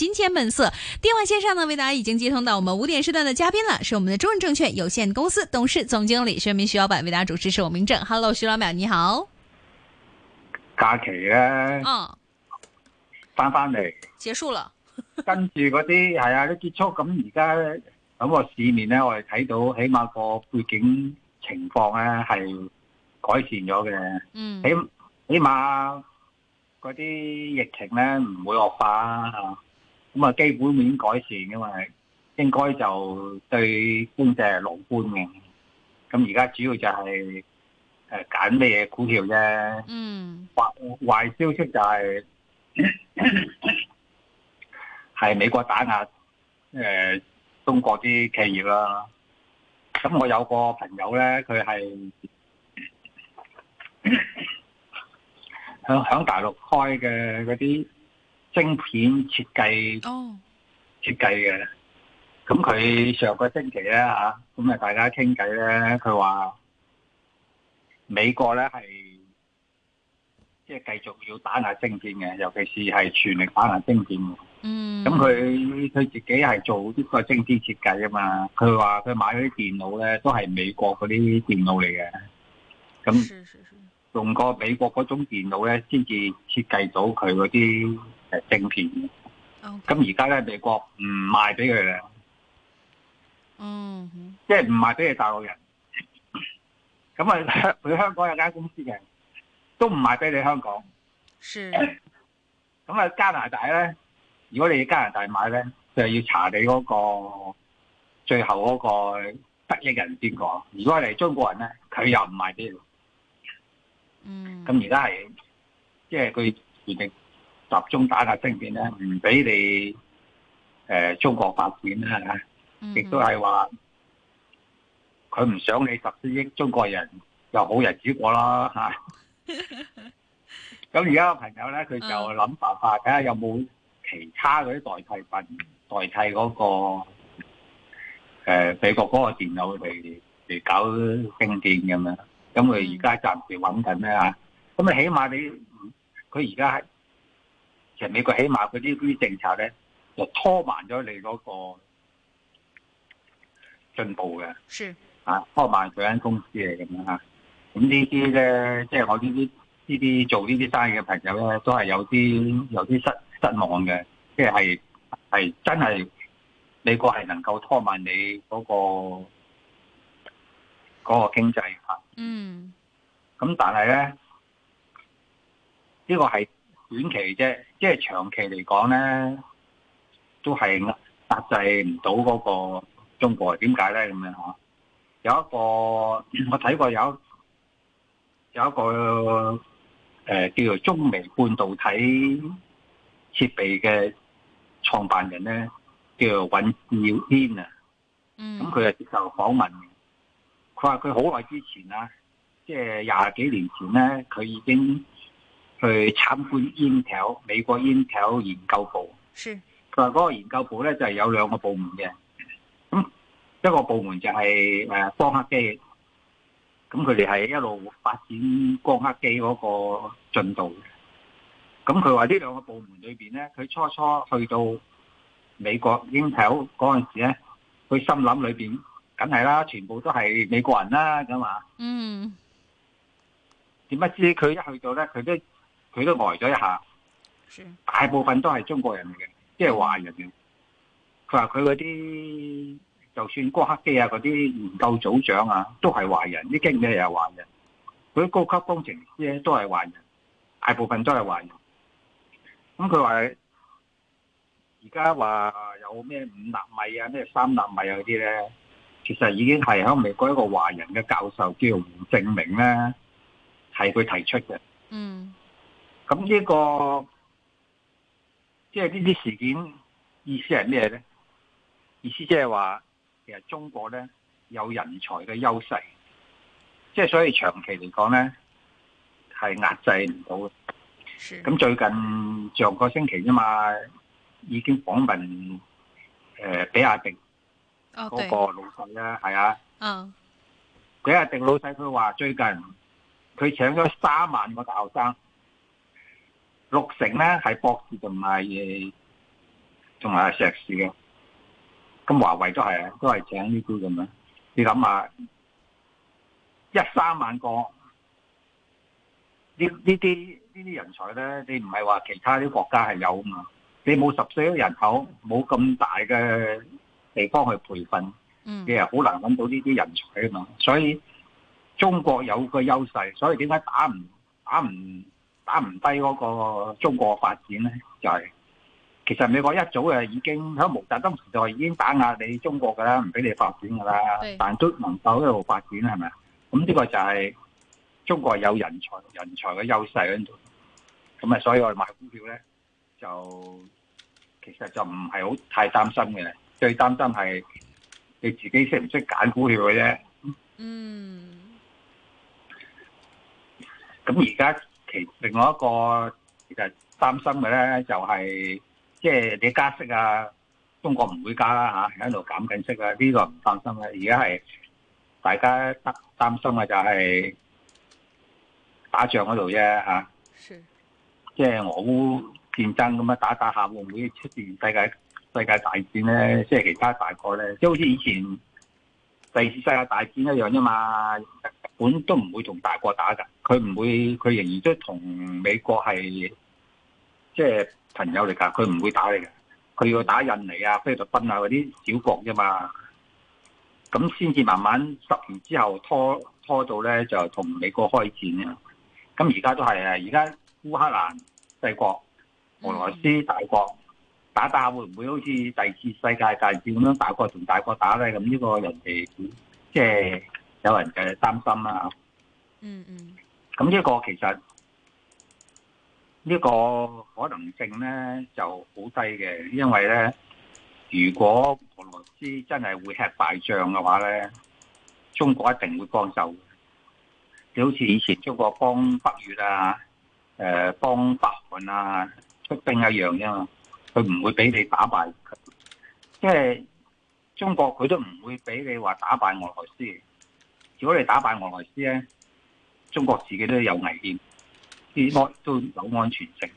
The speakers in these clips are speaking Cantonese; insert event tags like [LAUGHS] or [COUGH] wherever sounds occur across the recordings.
金錢本色電話線上呢，為大家已經接通到我們五點時段的嘉賓啦，是我們的中信證券有限公司董事總經理薛明徐老闆為大家主持，是我明正。Hello，徐老闆你好。假期咧，翻翻嚟，結束了。 [LAUGHS] 跟住嗰啲係啊，都結束咁，而家咁個市面咧，我哋睇到起碼個背景情況咧係改善咗嘅。嗯、mm.，起起碼嗰啲疫情咧唔會惡化。咁啊，基本面改善嘅嘛，因為應該就對經濟係樂觀嘅。咁而家主要就係誒揀咩股票啫。嗯。壞壞消息就係、是、係 [LAUGHS] 美國打壓誒中國啲企業啦。咁我有個朋友咧，佢係響響大陸開嘅嗰啲。晶片設計，設計嘅，咁佢上個星期咧啊，咁啊大家傾偈咧，佢話美國咧係即係繼續要打壓晶片嘅，尤其是係全力打壓晶片。嗯、mm.，咁佢佢自己係做呢個晶片設計啊嘛，佢話佢買嗰啲電腦咧都係美國嗰啲電腦嚟嘅，咁用過美國嗰種電腦咧先至設計到佢嗰啲。誒，晶片，咁而家咧美國唔賣俾佢啦，嗯、mm-hmm.，即係唔賣俾你大陸人，咁啊香佢香港有間公司嘅，都唔賣俾你香港，是，咁 [LAUGHS] 啊加拿大咧，如果你加拿大買咧，就要查你嗰個最後嗰個得益人先講。如果你係中國人咧，佢又唔賣俾你，嗯，咁而家係，即係佢集中打壓晶片咧，唔俾你誒、呃、中國發展啦、啊、咪？亦都係話佢唔想你十四億中國人又好日子過啦嚇。咁而家個朋友咧，佢就諗辦法，睇下有冇其他嗰啲代替品、那個，代替嗰個美國嗰個電腦嚟嚟搞晶片咁樣。咁佢而家暫時揾緊咩？嚇。咁你起碼你佢而家。嗯。其實美國起碼佢啲啲政策咧，就拖慢咗你嗰個進步嘅。啊，拖慢佢間公司嚟咁樣吓。咁呢啲咧，即係我呢啲呢啲做呢啲生意嘅朋友咧，都係有啲有啲失失望嘅。即係係真係美國係能夠拖慢你嗰個嗰個經濟吓，啊。嗯。咁，啊，但係咧呢個係。短期啫，即係長期嚟講咧，都係壓制唔到嗰個中國。點解咧？咁樣嚇，有一個我睇過有有一個誒、呃、叫做中微半導體設備嘅創辦人咧，叫做尹耀軒啊。嗯。咁佢啊接受訪問，佢話佢好耐之前啊，即係廿幾年前咧，佢已經。去參觀 Intel 美國 Intel 研究部，是佢話嗰個研究部咧就係有兩個部門嘅，咁一個部門就係誒光刻機，咁佢哋係一路發展光刻機嗰個進度，咁佢話呢兩個部門裏邊咧，佢初初去到美國 Intel 嗰陣時咧，佢心諗裏邊梗係啦，全部都係美國人啦咁話，嗯，點不知佢一去到咧，佢都～佢都呆咗一下，大部分都係中國人嚟嘅，即係華人。佢話：佢嗰啲就算光刻機啊，嗰啲研究組長啊，都係華人；啲經理又係華人；佢啲高級工程師咧都係華人，大部分都係華人。咁佢話：而家話有咩五納米啊、咩三納米啊嗰啲咧，其實已經係喺美國一個華人嘅教授叫胡正明咧、啊，係佢提出嘅。嗯。咁呢、呢個即係呢啲事件意思係咩咧？意思即係話其實中國咧有人才嘅優勢，即、就、係、是、所以長期嚟講咧係壓制唔到嘅。咁最近上個星期啫嘛，已經訪問誒、呃、比亞迪嗰個老細啦，係啊，比亞迪老細佢話最近佢請咗三萬個大學生。六成咧係博士同埋，同埋碩士嘅。咁華為都係啊，都係請呢啲咁樣。你諗下，一三萬個呢呢啲呢啲人才咧，你唔係話其他啲國家係有啊嘛？你冇十四億人口，冇咁大嘅地方去培訓，你係好難揾到呢啲人才啊嘛。所以中國有個優勢，所以點解打唔打唔？打唔低嗰個中國發展咧，就係、是，其實美國一早誒，已經喺毛澤東時代已經打壓你中國噶啦，唔俾你發展噶啦，但都能夠一路發展係咪啊？咁呢個就係中國有人才，人才嘅優勢喺度，咁啊，所以我哋買股票咧就其實就唔係好太擔心嘅，最擔心係你自己識唔識揀股票嘅啫。嗯。咁而家。其另外一個其實擔心嘅咧，就係即係你加息啊，中國唔會加啦、啊、嚇，喺度減緊息啊，呢、這個唔擔心嘅、啊。而家係大家擔擔心嘅就係打仗嗰度啫嚇，即係俄烏戰爭咁樣打打下會唔會出現世界世界大戰咧？即係、就是、其他大國咧，即係好似以前第二次世界大戰一樣啫嘛。本都唔會同大國打噶，佢唔會，佢仍然都係同美國係即係朋友嚟噶，佢唔會打你噶，佢要打印尼啊、菲律賓啊嗰啲小國啫嘛。咁先至慢慢十年之後拖拖到咧就同美國開戰啊。咁而家都係啊，而家烏克蘭細國、俄羅斯大國打打會唔會好似第二次世界大戰咁樣大國同大國打咧？咁呢個人哋即係。就是有人嘅擔心啦，嗯嗯，咁呢個其實呢個可能性咧就好低嘅，因為咧，如果俄羅斯真係會吃敗仗嘅話咧，中國一定會幫手。你好似以前中國幫北越啊，誒幫北韓啊出兵一樣啫嘛，佢唔會俾你打敗，因為中國佢都唔會俾你話打敗俄羅斯。如果你打敗俄羅斯咧，中國自己都有危險，啲安都有安全性。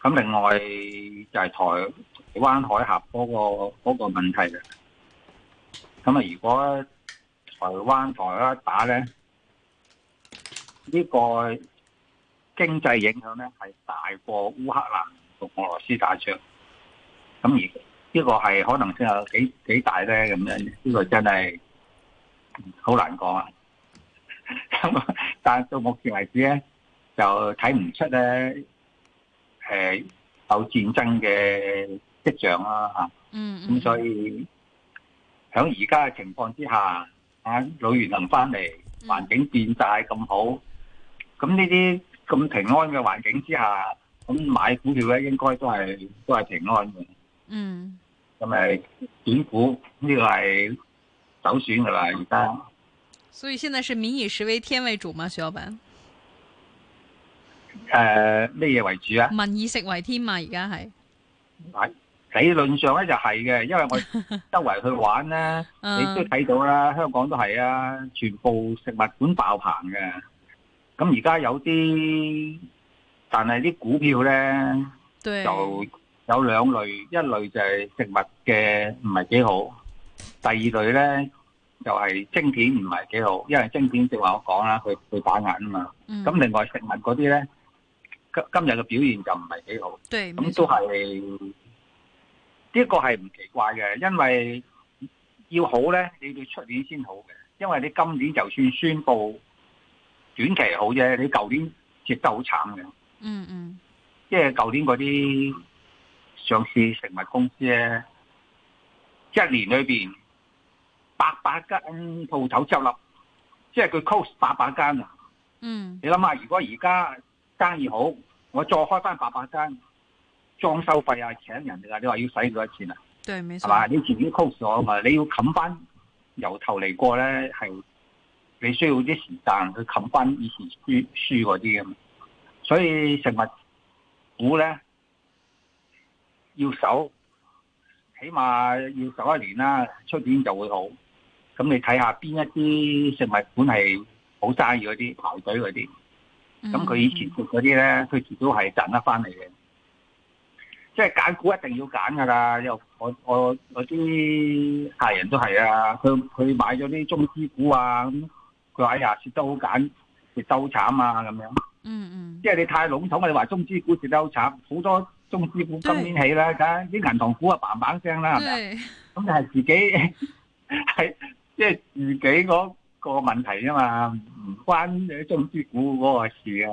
咁另外就係台灣海峽嗰個嗰個問題嘅。咁啊，如果台灣台灣打咧，呢個經濟影響咧係大過烏克蘭同俄羅斯打仗。咁而呢個係可能性有幾幾大咧？咁樣呢個真係，好難講啊！但係到目前為止咧，就睇唔出咧，誒有戰爭嘅跡象啦吓。嗯、嗯、咁所以，喺而家嘅情況之下，啊老袁行翻嚟，環境變大咁好，咁呢啲咁平安嘅環境之下，咁買股票咧，應該都係都係平安嘅。嗯。咁誒，短股呢、呢個係。首選噶啦，而家，所以現在是民以食為天為主嗎？徐老闆，誒咩嘢為主啊？民以食為天嘛，而家係理理論上咧就係、是、嘅，因為我周圍去玩咧， [LAUGHS] 你都睇到啦、嗯，香港都係啊，全部食物館爆棚嘅。咁而家有啲，但係啲股票咧，對、就有兩類，一類就係食物嘅唔係幾好。第二類咧，就係、是、晶片唔係幾好，因為晶片正話我講啦，佢佢反眼啊嘛。咁、嗯、另外食物嗰啲咧，今今日嘅表現就唔係幾好。對，咁都係呢、這個係唔奇怪嘅，因為要好咧，你要出年先好嘅，因為你今年就算宣布短期好啫，你舊年跌得好慘嘅。嗯嗯，即係舊年嗰啲上市食物公司咧。一年裏邊，八百間鋪頭執笠，即係佢 close 八百間啊！嗯，你諗下，如果而家生意好，我再開翻八百間，裝修費啊，請人啊，你話要使幾多錢啊？對，係嘛，你前邊 close 咗啊嘛，你要冚翻由頭嚟過咧，係你需要啲時間去冚翻以前輸輸嗰啲，所以食物股咧要守。起碼要十一年啦，出年就會好。咁你睇下邊一啲食物股係好生意嗰啲，排隊嗰啲。咁佢以前蝕嗰啲咧，佢、mm-hmm. 亦都係賺得翻嚟嘅。即係揀股一定要揀㗎啦。又我我我啲客人都係啊，佢佢買咗啲中資股啊，佢話、哎、呀，蝕得好緊，蝕得好慘啊咁樣。嗯嗯。即係你太籠統啊！你話中資股蝕得好慘，好多。中資股今年起啦，啲銀行股啊 b a n 聲啦，係咪？咁就係自己即係、就是、自己嗰個問題嘛，唔關你中資股嗰個事啊。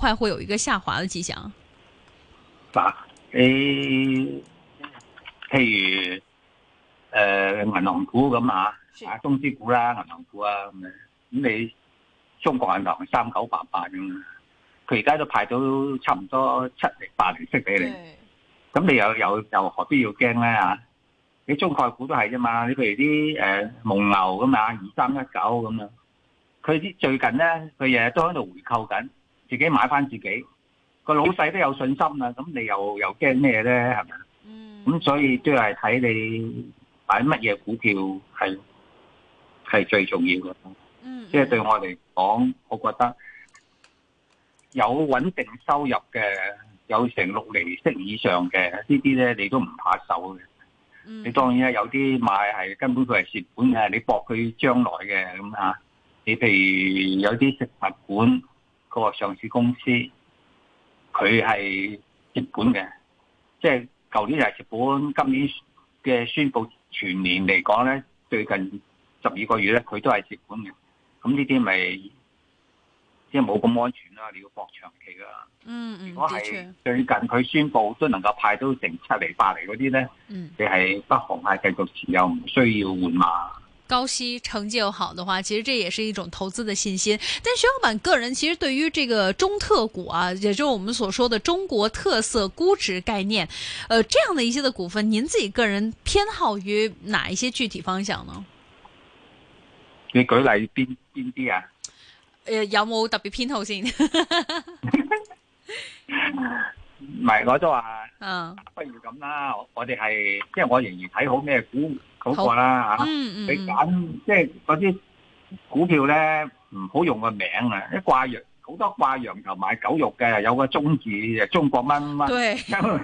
會會有一個下滑嘅跡象。啊，欸、譬如誒，呃、銀行股咁啊，啊，中資股啦，啊，銀行股啊咁樣。咁、嗯、你中國銀行三九八八咁啊，佢而家都派到差唔多七零八零息俾你。咁你又又又何必要驚咧？啊，你中概股都係啫嘛。你譬如啲誒、呃、蒙牛咁啊，二三一九咁啊，佢啲最近咧，佢日日都喺度回購緊。自己買翻自己，個老細都有信心啦。咁你又又驚咩咧？係咪？咁、嗯、所以都係睇你買乜嘢股票係係最重要嘅。即、嗯、係、就是、對我嚟講，我覺得有穩定收入嘅，有成六厘息以上嘅呢啲咧，你都唔怕手嘅、嗯。你當然啦有啲買係根本佢係蝕本嘅，你博佢將來嘅咁啊。你譬如有啲食物館。那個上市公司佢係接管嘅，即係舊年係接管，今年嘅宣布全年嚟講咧，最近十二個月咧，佢都係接管嘅。咁呢啲咪即係冇咁安全啦，你要博長期噶。嗯，嗯，如果係最近佢宣布都能夠派到成七厘八厘嗰啲咧，你係不妨係繼續持有，唔需要換嘛。高息、成績又好的話，其實這也是一種投資的信心。但徐老闆個人其實對於這個中特股啊，也就是我們所說的中國特色估值概念，呃，這樣的一些的股份，您自己個人偏好於哪一些具體方向呢？你舉例邊邊啲啊？呃，有冇特別偏好先？ [LAUGHS] [LAUGHS] 唔係，我都話、嗯，不如咁啦，我哋係，即係我仍然睇好咩股好啦吓、嗯啊嗯。你揀即係嗰啲股票咧，唔好用個名啊，一掛羊好多掛羊頭賣狗肉嘅，有個中字，中國蚊蚊對。嗯、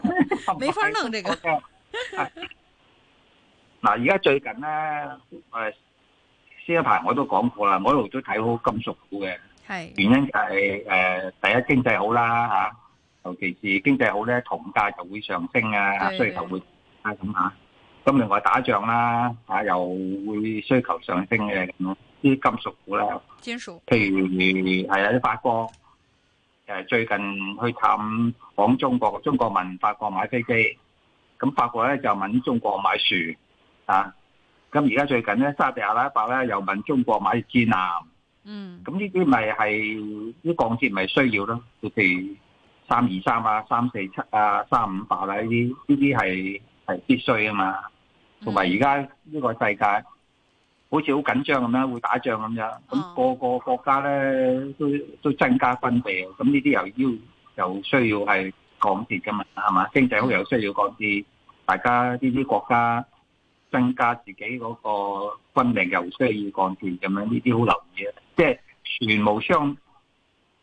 [LAUGHS] 沒法弄呢個。嗱、 [LAUGHS] 啊，而、啊、家最近咧，誒、啊，先一排我都講過啦，我一路都睇好金屬股嘅，係，原因就係、是、誒、呃，第一經濟好啦吓。啊尤其是經濟好咧，同價就會上升啊，需求會啊咁嚇。咁另外打仗啦，嚇又會需求上升嘅。啲金屬股咧，金屬，譬如係啊，啲法國誒最近去探訪中國，中國問法國買飛機，咁法國咧就問中國買樹啊。咁而家最近咧，沙特阿拉伯咧又問中國買戰艦，嗯，咁呢啲咪係啲鋼鐵咪需要咯，譬如。三二三啊，三四七啊，三五八啊，呢啲呢啲係係必須㗎嘛。同埋而家呢個世界好似好緊張咁樣，會打仗咁樣。咁、那個個國家咧都都增加軍備，咁呢啲又要又需要係鋼鐵噶嘛，係嘛？經濟好又需要鋼鐵，大家呢啲國家增加自己嗰個軍力又需要鋼鐵咁樣，呢啲好留意啊。即、就、係、是、船務商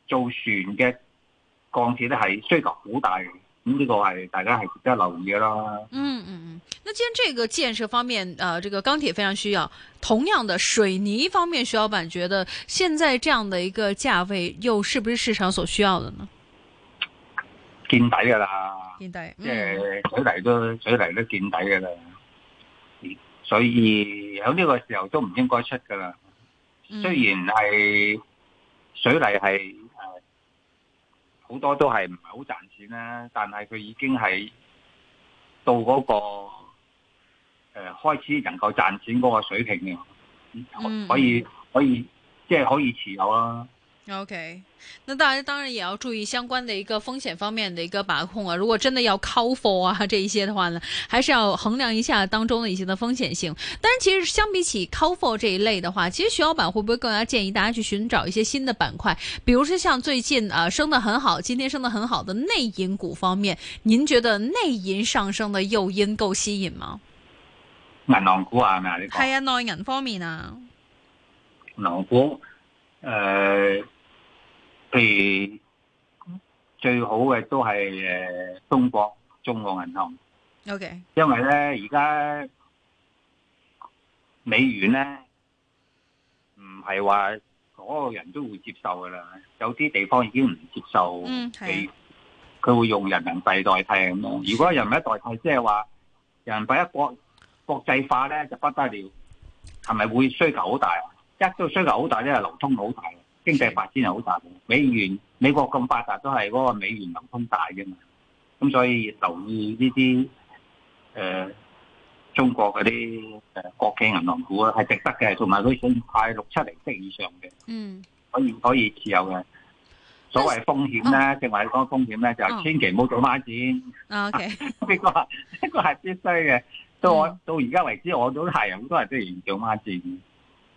做船嘅。鋼鐵咧係需求好大，咁呢個係大家係值得留意嘅啦。嗯嗯嗯，那既然這個建設方面，誒、呃，這個鋼鐵非常需要，同樣的水泥方面，徐老闆覺得現在這樣的一個價位，又是不是市場所需要的呢？見底㗎喇，見底，即、嗯、係、就是、水泥都水泥都見底㗎喇，所以喺呢個時候都唔應該出㗎喇。雖然係水泥係。嗯好多都係唔係好賺錢啦，但係佢已經係到嗰、那個誒、呃、開始能夠賺錢嗰個水平嘅，可以可以即係、就是、可以持有啦。OK，那大家當然也要注意相關的一個風險方面的一個把控啊。如果真的要 call for 啊這一些的話呢，還是要衡量一下當中的一些的風險性。但是其實相比起 call for 這一類的話，其實徐老闆會不會更加建議大家去尋找一些新的板塊，比如說像最近啊升得很好，今天升得很好的內銀股方面，您覺得內銀上升的誘因夠吸引嗎？銀行股啊，那這個？啊，內銀方面啊，銀行股，譬如最好嘅都係誒、呃，中國中國銀行。Okay. 因為咧，而家美元咧唔係話嗰個人都會接受噶啦，有啲地方已經唔接受。係、嗯。佢會用人民幣代替咁。如果人民幣代替，即係話人民幣一國國際化咧，就不得了。係咪會需求好大？一都需求好大咧，就流通好大。經濟發展又好大，美元美國咁發達都係嗰個美元流通大嘅嘛，咁所以留意呢啲誒中國嗰啲誒國際銀行股啊，係值得嘅，同埋佢先快六七厘息以上嘅，嗯，可以可以持有嘅。所謂風險咧，正話你講風險咧，就係、千祈唔好做孖展。O K，呢個呢個係必須嘅。到我、嗯、到而家為止，我都係好多人都係做孖展。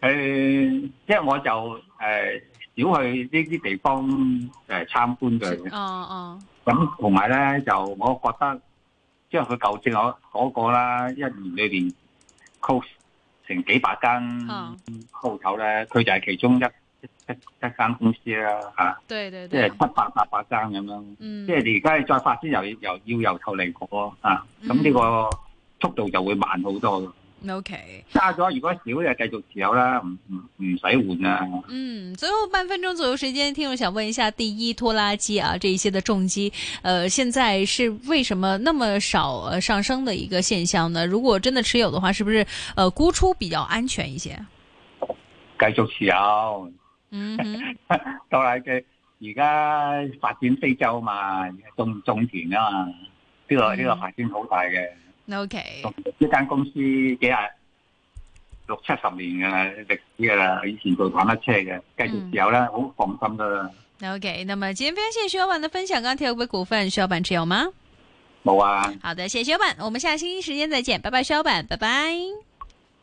誒、嗯，即、嗯、係我就誒少、呃、去呢啲地方誒參、啊、觀嘅。哦、嗯、哦。咁同埋咧，就我覺得，即係佢舊正我嗰個啦，一年裏邊 close 成幾百間鋪頭咧，佢、嗯、就係其中一一一一間公司啦、啊、吓、啊。對對對。即係七百八百間咁樣。嗯。即係你而家再發展，又又要由頭嚟過啊！咁、嗯、呢、嗯這個速度就會慢好多。O K，加咗如果少就繼續持有啦，唔唔唔使換啊。嗯，最後半分鐘左右時間，聽我想問一下，第一拖拉機啊，這一些的重機，呃，現在是為什麼那麼少上升的一個現象呢？如果真的持有的話，是不是呃沽出比較安全一些？繼續持有，嗯，拖拉機而家發展非洲嘛，種種田啊嘛，呢個呢個發展好大嘅。嗯 O、okay. K，一間公司幾啊六七十年嘅歷史噶啦，以前佢玩得車嘅，繼續持有啦，好放心噶啦。嗯、o、okay, K，那麼今天非常謝謝徐老闆的分享，剛剛提到嘅股份，徐老闆持有嗎？冇啊。好的，謝謝徐老闆，我們下星期時間再見，拜拜，徐老闆，拜拜。